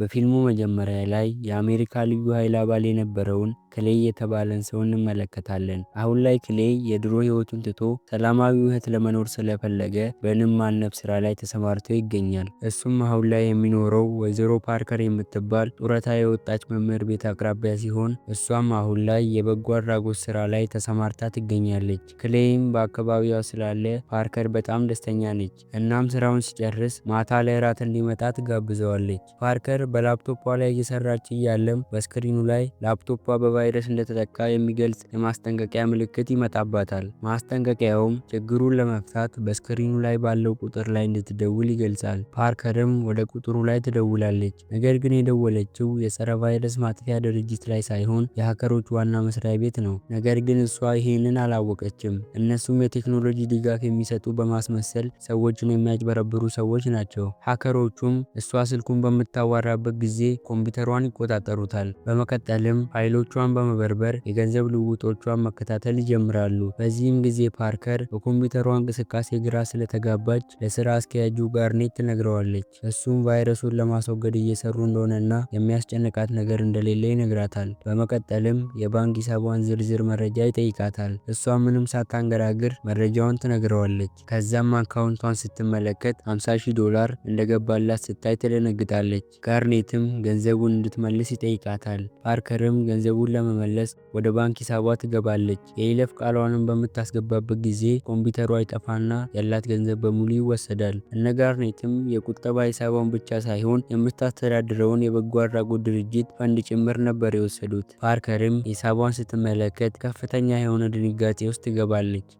በፊልሙ መጀመሪያ ላይ የአሜሪካ ልዩ ኃይል አባል የነበረውን ክሌይ የተባለን ሰው እንመለከታለን። አሁን ላይ ክሌይ የድሮ ህይወቱን ትቶ ሰላማዊ ህይወት ለመኖር ስለፈለገ በንብ ማነብ ስራ ላይ ተሰማርቶ ይገኛል። እሱም አሁን ላይ የሚኖረው ወይዘሮ ፓርከር የምትባል ጡረታ የወጣች መምህር ቤት አቅራቢያ ሲሆን እሷም አሁን ላይ የበጎ አድራጎት ስራ ላይ ተሰማርታ ትገኛለች። ክሌይም በአካባቢዋ ስላለ ፓርከር በጣም ደስተኛ ነች። እናም ስራውን ሲጨርስ ማታ ላይ ራት እንዲመጣ ትጋብዘዋለች። ፓርከር በላፕቶፖ ላይ እየሰራች እያለም በስክሪኑ ላይ ላፕቶፖ በባ ቫይረስ እንደተጠቃ የሚገልጽ የማስጠንቀቂያ ምልክት ይመጣባታል። ማስጠንቀቂያውም ችግሩን ለመፍታት በስክሪኑ ላይ ባለው ቁጥር ላይ እንድትደውል ይገልጻል። ፓርከርም ወደ ቁጥሩ ላይ ትደውላለች። ነገር ግን የደወለችው የጸረ ቫይረስ ማጥፊያ ድርጅት ላይ ሳይሆን የሀከሮች ዋና መስሪያ ቤት ነው። ነገር ግን እሷ ይህንን አላወቀችም። እነሱም የቴክኖሎጂ ድጋፍ የሚሰጡ በማስመሰል ሰዎችን የሚያጭበረብሩ ሰዎች ናቸው። ሀከሮቹም እሷ ስልኩን በምታዋራበት ጊዜ ኮምፒውተሯን ይቆጣጠሩታል። በመቀጠልም ፋይሎቿን ስልኳን በመበርበር የገንዘብ ልውውጦቿን መከታተል ይጀምራሉ። በዚህም ጊዜ ፓርከር በኮምፒውተሯ እንቅስቃሴ ግራ ስለተጋባች ለስራ አስኪያጁ ጋርኔት ትነግረዋለች። እሱም ቫይረሱን ለማስወገድ እየሰሩ እንደሆነና የሚያስጨንቃት ነገር እንደሌለ ይነግራታል። በመቀጠልም የባንክ ሂሳቧን ዝርዝር መረጃ ይጠይቃታል። እሷ ምንም ሳታንገራግር መረጃውን ትነግረዋለች። ከዛም አካውንቷን ስትመለከት 50 ዶላር እንደገባላት ስታይ ትደነግጣለች። ጋርኔትም ገንዘቡን እንድትመልስ ይጠይቃታል። ፓርከርም ገንዘቡን ለመመለስ ወደ ባንክ ሂሳቧ ትገባለች። የይለፍ ቃሏንም በምታስገባበት ጊዜ ኮምፒውተሯ ይጠፋና ያላት ገንዘብ በሙሉ ይወሰዳል። እነጋርኔትም የቁጠባ ሂሳቧን ብቻ ሳይሆን የምታስተዳድረውን የበጎ አድራጎት ድርጅት ፈንድ ጭምር ነበር የወሰዱት። ፓርከርም ሂሳቧን ስትመለከት ከፍተኛ የሆነ ድንጋጤ ውስጥ ትገባለች።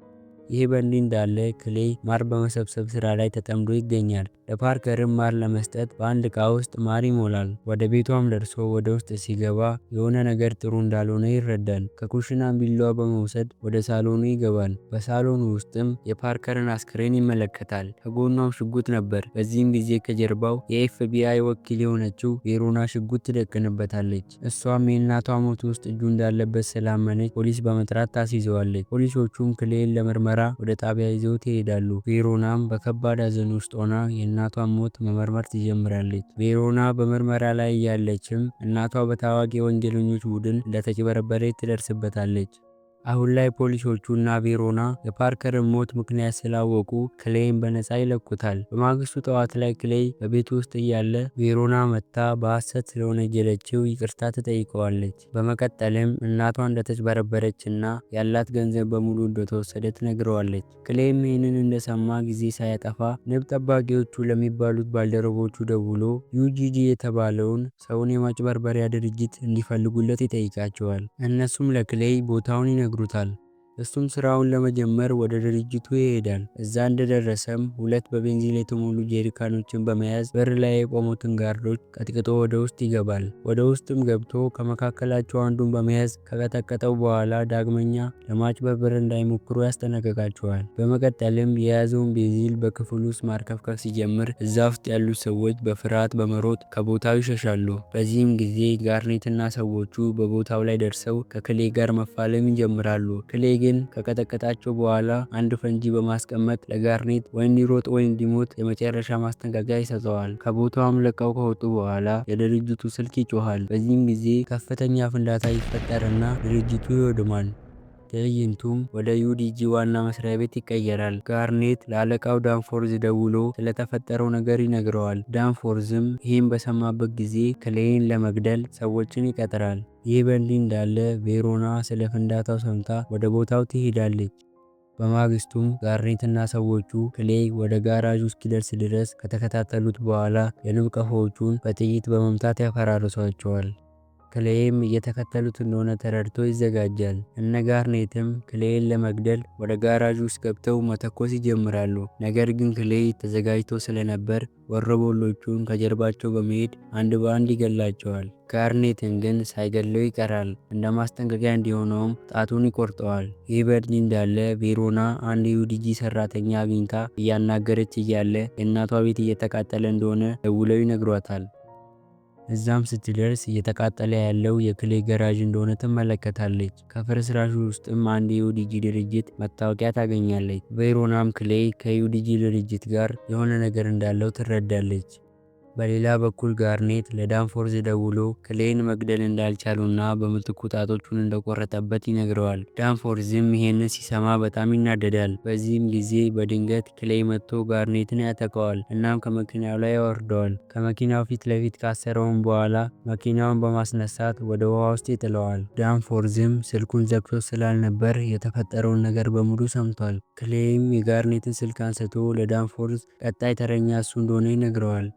ይህ በእንዲህ እንዳለ ክሌ ማር በመሰብሰብ ስራ ላይ ተጠምዶ ይገኛል። ለፓርከርም ማር ለመስጠት በአንድ ዕቃ ውስጥ ማር ይሞላል። ወደ ቤቷም ደርሶ ወደ ውስጥ ሲገባ የሆነ ነገር ጥሩ እንዳልሆነ ይረዳል። ከኩሽና ቢላዋ በመውሰድ ወደ ሳሎኑ ይገባል። በሳሎኑ ውስጥም የፓርከርን አስክሬን ይመለከታል። ከጎኗም ሽጉጥ ነበር። በዚህም ጊዜ ከጀርባው የኤፍቢአይ ወኪል የሆነችው ቬሮና ሽጉጥ ትደቅንበታለች። እሷም የእናቷ ሞት ውስጥ እጁ እንዳለበት ስላመነች ፖሊስ በመጥራት ታስይዘዋለች። ፖሊሶቹም ክሌን ለምርመራ ምርመራ ወደ ጣቢያ ይዘውት ይሄዳሉ። ቬሮናም በከባድ ሐዘን ውስጥ ሆና የእናቷን ሞት መመርመር ትጀምራለች። ቬሮና በምርመራ ላይ እያለችም እናቷ በታዋቂ ወንጀለኞች ቡድን እንደተጭበረበረች ትደርስበታለች። አሁን ላይ ፖሊሶቹ እና ቬሮና የፓርከርን ሞት ምክንያት ስላወቁ ክሌይን በነፃ ይለቁታል። በማግስቱ ጠዋት ላይ ክሌይ በቤት ውስጥ እያለ ቬሮና መጥታ በሐሰት ስለወነጀለችው ይቅርታ ትጠይቀዋለች። በመቀጠልም እናቷ እንደተጭበረበረች እና ያላት ገንዘብ በሙሉ እንደተወሰደ ትነግረዋለች። ክሌይም ይህንን እንደሰማ ጊዜ ሳያጠፋ ንብ ጠባቂዎቹ ለሚባሉት ባልደረቦቹ ደውሎ ዩጂጂ የተባለውን ሰውን የማጭበርበሪያ ድርጅት እንዲፈልጉለት ይጠይቃቸዋል። እነሱም ለክሌይ ቦታውን ይነግሩታል። እሱም ስራውን ለመጀመር ወደ ድርጅቱ ይሄዳል። እዛ እንደደረሰም ሁለት በቤንዚን የተሞሉ ጄሪካኖችን በመያዝ በር ላይ የቆሙትን ጋርዶች ቀጥቅጦ ወደ ውስጥ ይገባል። ወደ ውስጥም ገብቶ ከመካከላቸው አንዱን በመያዝ ከቀጠቀጠው በኋላ ዳግመኛ ለማጭበርበር እንዳይሞክሩ ያስጠነቅቃቸዋል። በመቀጠልም የያዘውን ቤንዚን በክፍል ውስጥ ማርከፍከፍ ሲጀምር እዛ ውስጥ ያሉት ሰዎች በፍርሃት በመሮጥ ከቦታው ይሸሻሉ። በዚህም ጊዜ ጋርኔትና ሰዎቹ በቦታው ላይ ደርሰው ከክሌ ጋር መፋለም ይጀምራሉ። ክሌ ሌሎችን ከቀጠቀጣቸው በኋላ አንድ ፈንጂ በማስቀመጥ ለጋርኔት ወይ እንዲሮጥ ወይ እንዲሞት የመጨረሻ ማስጠንቀቂያ ይሰጠዋል። ከቦታውም ለቀው ከወጡ በኋላ የድርጅቱ ስልክ ይጮኋል። በዚህም ጊዜ ከፍተኛ ፍንዳታ ይፈጠርና ድርጅቱ ይወድማል። ትዕይንቱም ወደ ዩዲጂ ዋና መስሪያ ቤት ይቀየራል። ጋርኔት ለአለቃው ዳንፎርዝ ደውሎ ስለተፈጠረው ነገር ይነግረዋል። ዳንፎርዝም ይህም በሰማበት ጊዜ ክሌይን ለመግደል ሰዎችን ይቀጥራል። ይህ በእንዲህ እንዳለ ቬሮና ስለ ፍንዳታው ሰምታ ወደ ቦታው ትሄዳለች። በማግስቱም ጋርኔትና ሰዎቹ ክሌይ ወደ ጋራዥ እስኪደርስ ድረስ ከተከታተሉት በኋላ የንብ ቀፎዎቹን በጥይት በመምታት ያፈራርሷቸዋል። ክሌይም እየተከተሉት እንደሆነ ተረድቶ ይዘጋጃል። እነ ጋርኔትም ክሌይን ለመግደል ወደ ጋራዥ ውስጥ ገብተው መተኮስ ይጀምራሉ። ነገር ግን ክሌይ ተዘጋጅቶ ስለነበር ወሮበሎቹን ከጀርባቸው በመሄድ አንድ በአንድ ይገላቸዋል። ጋርኔትን ግን ሳይገለው ይቀራል። እንደ ማስጠንቀቂያ እንዲሆነውም ጣቱን ይቆርጠዋል። ይህ በእንዲህ እንዳለ ቬሮና አንድ ዩዲጂ ሰራተኛ አግኝታ እያናገረች እያለ የእናቷ ቤት እየተቃጠለ እንደሆነ ደውለው ይነግሯታል። እዛም ስትደርስ እየተቃጠለ ያለው የክሌ ገራዥ እንደሆነ ትመለከታለች። ከፍርስራሹ ውስጥም አንድ የዩዲጂ ድርጅት መታወቂያ ታገኛለች። ቬሮናም ክሌ ከዩዲጂ ድርጅት ጋር የሆነ ነገር እንዳለው ትረዳለች። በሌላ በኩል ጋርኔት ለዳንፎርዝ ደውሎ ክሌን መግደል እንዳልቻሉና በምትኩ ጣቶቹን እንደቆረጠበት ይነግረዋል። ዳንፎርዝም ይሄንን ሲሰማ በጣም ይናደዳል። በዚህም ጊዜ በድንገት ክሌይ መጥቶ ጋርኔትን ያጠቀዋል። እናም ከመኪናው ላይ ያወርደዋል። ከመኪናው ፊት ለፊት ካሰረውም በኋላ መኪናውን በማስነሳት ወደ ውሃ ውስጥ ይጥለዋል። ዳንፎርዝም ስልኩን ዘግቶ ስላልነበር የተፈጠረውን ነገር በሙሉ ሰምቷል። ክሌይም የጋርኔትን ስልክ አንስቶ ለዳንፎርዝ ቀጣይ ተረኛ እሱ እንደሆነ ይነግረዋል።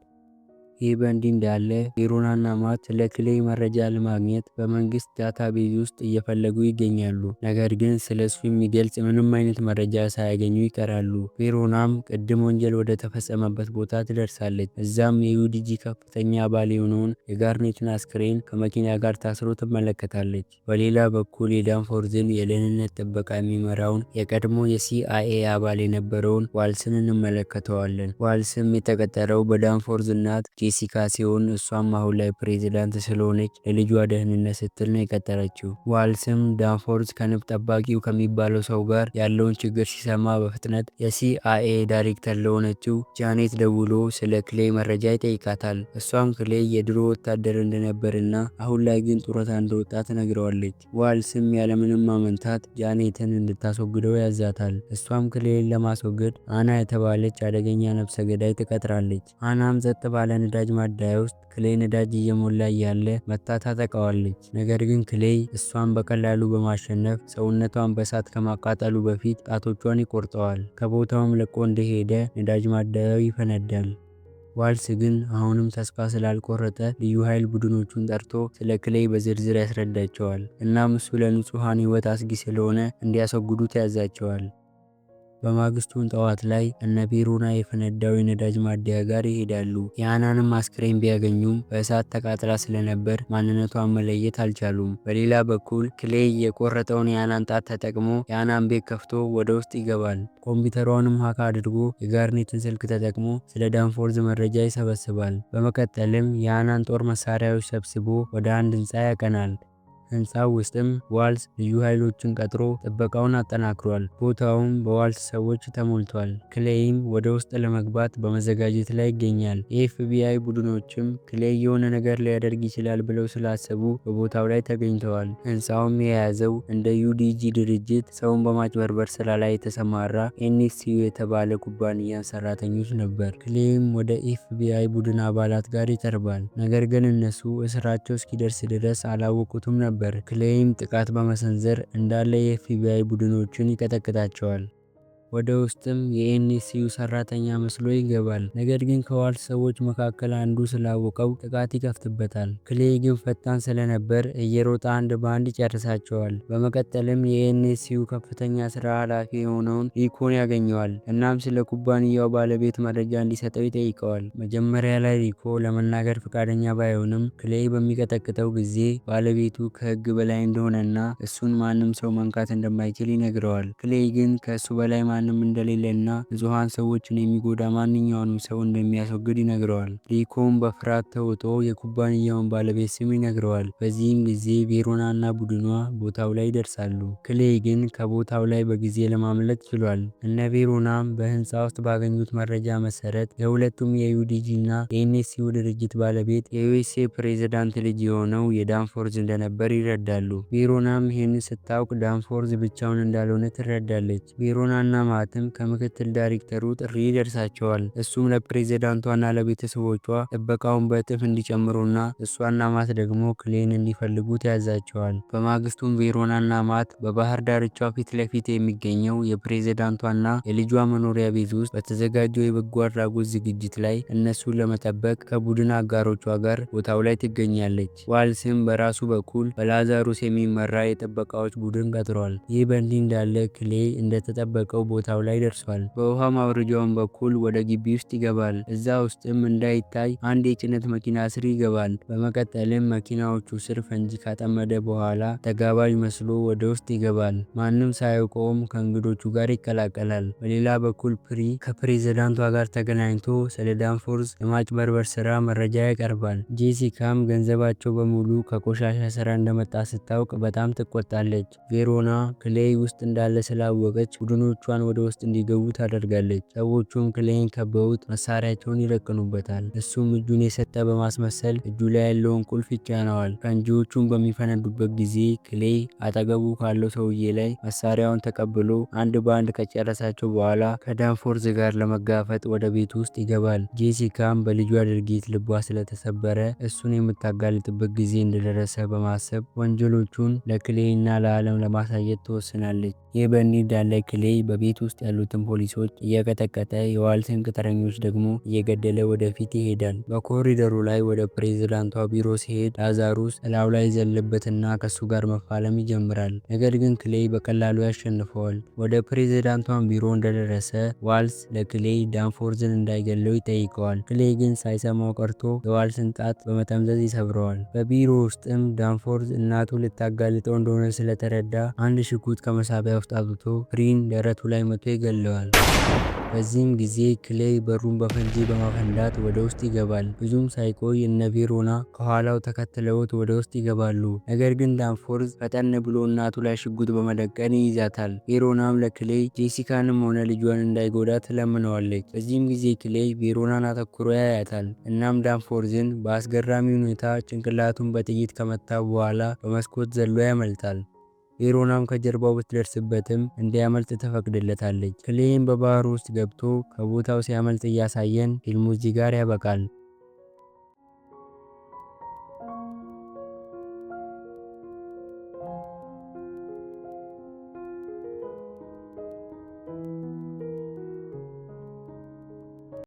ይህ በእንዲህ እንዳለ ቬሮናና ማት ለክሌይ መረጃ ለማግኘት በመንግስት ዳታቤዝ ውስጥ እየፈለጉ ይገኛሉ። ነገር ግን ስለሱ የሚገልጽ ምንም አይነት መረጃ ሳያገኙ ይቀራሉ። ቬሮናም ቅድም ወንጀል ወደ ተፈጸመበት ቦታ ትደርሳለች። እዛም የዩዲጂ ከፍተኛ አባል የሆነውን የጋርኔትን አስክሬን ከመኪና ጋር ታስሮ ትመለከታለች። በሌላ በኩል የዳንፎርዝን የደህንነት ጥበቃ የሚመራውን የቀድሞ የሲአይኤ አባል የነበረውን ዋልስን እንመለከተዋለን። ዋልስም የተቀጠረው በዳንፎርዝ እናት ጄሲካ ሲሆን እሷም አሁን ላይ ፕሬዚዳንት ስለሆነች ለልጇ ደህንነት ስትል ነው የቀጠረችው። ዋልስም ዳንፎርድ ከንብ ጠባቂው ከሚባለው ሰው ጋር ያለውን ችግር ሲሰማ በፍጥነት የሲአይኤ ዳይሬክተር ለሆነችው ጃኔት ደውሎ ስለ ክሌ መረጃ ይጠይቃታል። እሷም ክሌ የድሮ ወታደር እንደነበርና አሁን ላይ ግን ጡረታ እንደወጣ ትነግረዋለች። ዋልስም ያለምንም ማመንታት ጃኔትን እንድታስወግደው ያዛታል። እሷም ክሌን ለማስወገድ አና የተባለች አደገኛ ነፍሰ ገዳይ ትቀጥራለች። አናም ጸጥ ባለ ነዳጅ ማደያ ውስጥ ክሌይ ነዳጅ እየሞላ እያለ መታ ታጠቃዋለች። ነገር ግን ክሌይ እሷን በቀላሉ በማሸነፍ ሰውነቷን በእሳት ከማቃጠሉ በፊት ጣቶቿን ይቆርጠዋል። ከቦታውም ለቆ እንደሄደ ነዳጅ ማደያው ይፈነዳል። ዋልስ ግን አሁንም ተስፋ ስላልቆረጠ ልዩ ኃይል ቡድኖቹን ጠርቶ ስለ ክሌይ በዝርዝር ያስረዳቸዋል። እናም እሱ ለንጹሐን ሕይወት አስጊ ስለሆነ እንዲያስወግዱት ያዛቸዋል። በማግስቱን ጠዋት ላይ እነ ቢሩና የፈነዳው የነዳጅ ማደያ ጋር ይሄዳሉ። የሃናንም አስክሬን ቢያገኙም በእሳት ተቃጥላ ስለነበር ማንነቷን መለየት አልቻሉም። በሌላ በኩል ክሌይ የቆረጠውን የአናን ጣት ተጠቅሞ የአናን ቤት ከፍቶ ወደ ውስጥ ይገባል። ኮምፒውተሯንም ሀካ አድርጎ የጋርኔትን ስልክ ተጠቅሞ ስለ ዳንፎርዝ መረጃ ይሰበስባል። በመቀጠልም የአናን ጦር መሳሪያዎች ሰብስቦ ወደ አንድ ህንፃ ያቀናል። ህንፃ ውስጥም ዋልስ ልዩ ኃይሎችን ቀጥሮ ጥበቃውን አጠናክሯል። ቦታውም በዋልስ ሰዎች ተሞልቷል። ክሌይም ወደ ውስጥ ለመግባት በመዘጋጀት ላይ ይገኛል። የኤፍቢአይ ቡድኖችም ክሌይ የሆነ ነገር ሊያደርግ ይችላል ብለው ስላሰቡ በቦታው ላይ ተገኝተዋል። ህንፃውም የያዘው እንደ ዩዲጂ ድርጅት ሰውን በማጭበርበር ስራ ላይ የተሰማራ ኤንስዩ የተባለ ኩባንያ ሰራተኞች ነበር። ክሌይም ወደ ኤፍቢአይ ቡድን አባላት ጋር ይቀርባል። ነገር ግን እነሱ እስራቸው እስኪደርስ ድረስ አላወቁትም ነበር። ነበር። ክሌይም ጥቃት በመሰንዘር እንዳለ የኤፍቢአይ ቡድኖችን ይቀጠቅጣቸዋል። ወደ ውስጥም የኤንኤስዩ ሰራተኛ መስሎ ይገባል። ነገር ግን ከዋልት ሰዎች መካከል አንዱ ስላወቀው ጥቃት ይከፍትበታል። ክሌ ግን ፈጣን ስለነበር እየሮጠ አንድ በአንድ ይጨርሳቸዋል። በመቀጠልም የኤንኤስዩ ከፍተኛ ስራ ኃላፊ የሆነውን ሪኮን ያገኘዋል። እናም ስለ ኩባንያው ባለቤት መረጃ እንዲሰጠው ይጠይቀዋል። መጀመሪያ ላይ ሪኮ ለመናገር ፈቃደኛ ባይሆንም ክሌይ በሚቀጠቅጠው ጊዜ ባለቤቱ ከህግ በላይ እንደሆነና እሱን ማንም ሰው መንካት እንደማይችል ይነግረዋል። ክሌይ ግን ከእሱ በላይ ማን ማንም እንደሌለና ንጹሐን ሰዎችን የሚጎዳ ማንኛውንም ሰው እንደሚያስወግድ ይነግረዋል። ሊኮም በፍርሃት ተውጦ የኩባንያውን ባለቤት ስም ይነግረዋል። በዚህም ጊዜ ቬሮናና ቡድኗ ቦታው ላይ ይደርሳሉ። ክሌይ ግን ከቦታው ላይ በጊዜ ለማምለጥ ችሏል። እነ ቬሮናም በህንፃ ውስጥ ባገኙት መረጃ መሰረት የሁለቱም የዩዲጂና የኤንኤስሲው ድርጅት ባለቤት የዩኤስኤ ፕሬዝዳንት ልጅ የሆነው የዳንፎርዝ እንደነበር ይረዳሉ። ቬሮናም ይህን ስታውቅ ዳንፎርዝ ብቻውን እንዳልሆነ ትረዳለች። ቬሮናና በመሰማትም ከምክትል ዳይሬክተሩ ጥሪ ይደርሳቸዋል። እሱም ለፕሬዚዳንቷና ለቤተሰቦቿ ጥበቃውን በእጥፍ እንዲጨምሩና እሷና ማት ደግሞ ክሌን እንዲፈልጉት ተያዛቸዋል። በማግስቱም ቬሮናና ማት በባህር ዳርቻ ፊት ለፊት የሚገኘው የፕሬዚዳንቷና የልጇ መኖሪያ ቤት ውስጥ በተዘጋጀው የበጎ አድራጎት ዝግጅት ላይ እነሱን ለመጠበቅ ከቡድን አጋሮቿ ጋር ቦታው ላይ ትገኛለች። ዋልስም በራሱ በኩል በላዛሩስ የሚመራ የጥበቃዎች ቡድን ቀጥሯል። ይህ በእንዲህ እንዳለ ክሌ እንደተጠበቀው ቦታው ላይ ደርሷል። በውሃ ማውረጃውን በኩል ወደ ግቢ ውስጥ ይገባል። እዛ ውስጥም እንዳይታይ አንድ የጭነት መኪና ስር ይገባል። በመቀጠልም መኪናዎቹ ስር ፈንጂ ካጠመደ በኋላ ተጋባዥ መስሎ ወደ ውስጥ ይገባል። ማንም ሳያውቀውም ከእንግዶቹ ጋር ይቀላቀላል። በሌላ በኩል ፕሪ ከፕሬዝዳንቷ ጋር ተገናኝቶ ስለ ዳንፎርዝ የማጭበርበር ስራ መረጃ ያቀርባል። ጄሲካም ገንዘባቸው በሙሉ ከቆሻሻ ስራ እንደመጣ ስታውቅ በጣም ትቆጣለች። ቬሮና ክሌይ ውስጥ እንዳለ ስላወቀች ቡድኖቿን ወደ ውስጥ እንዲገቡ ታደርጋለች። ሰዎቹም ክሌይን ከበውት መሳሪያቸውን ይረክኑበታል። እሱም እጁን የሰጠ በማስመሰል እጁ ላይ ያለውን ቁልፍ ይጫነዋል። ፈንጂዎቹን በሚፈነዱበት ጊዜ ክሌ አጠገቡ ካለው ሰውዬ ላይ መሳሪያውን ተቀብሎ አንድ በአንድ ከጨረሳቸው በኋላ ከዳንፎርዝ ጋር ለመጋፈጥ ወደ ቤት ውስጥ ይገባል። ጄሲካም በልጇ ድርጊት ልቧ ስለተሰበረ እሱን የምታጋልጥበት ጊዜ እንደደረሰ በማሰብ ወንጀሎቹን ለክሌይና ለዓለም ለማሳየት ትወስናለች። ይህ በእንዲህ እንዳለ ክሌይ በቤት ውስጥ ያሉትን ፖሊሶች እየቀጠቀጠ የዋልትን ቅጥረኞች ደግሞ እየገደለ ወደፊት ይሄዳል። በኮሪደሩ ላይ ወደ ፕሬዝዳንቷ ቢሮ ሲሄድ ላዛሩስ እላው ላይ ዘለበትና ከሱ ጋር መፋለም ይጀምራል። ነገር ግን ክሌይ በቀላሉ ያሸንፈዋል። ወደ ፕሬዝዳንቷን ቢሮ እንደደረሰ ዋልስ ለክሌይ ዳንፎርዝን እንዳይገለው ይጠይቀዋል። ክሌይ ግን ሳይሰማው ቀርቶ የዋልስን ጣት በመጠምዘዝ ይሰብረዋል። በቢሮ ውስጥም ዳንፎርዝ እናቱ ልታጋልጠው እንደሆነ ስለተረዳ አንድ ሽጉጥ ከመሳቢያ ሻፍት አብቶ ፍሪን ደረቱ ላይ መቶ ይገለዋል። በዚህም ጊዜ ክሌይ በሩን በፈንጂ በማፈንዳት ወደ ውስጥ ይገባል። ብዙም ሳይቆይ እነ ቬሮና ከኋላው ተከትለውት ወደ ውስጥ ይገባሉ። ነገር ግን ዳንፎርዝ ፈጠን ብሎ እናቱ ላይ ሽጉጥ በመደቀን ይይዛታል። ቬሮናም ለክሌይ ጄሲካንም ሆነ ልጇን እንዳይጎዳ ትለምነዋለች። በዚህም ጊዜ ክሌይ ቬሮናን አተኩሮ ያያታል። እናም ዳንፎርዝን በአስገራሚ ሁኔታ ጭንቅላቱን በጥይት ከመታ በኋላ በመስኮት ዘሎ ያመልጣል። የሮናም ከጀርባው ብትደርስበትም እንዲያመልጥ ተፈቅድለታለች። ክሌም በባህር ውስጥ ገብቶ ከቦታው ሲያመልጥ እያሳየን ፊልሙ እዚህ ጋር ያበቃል።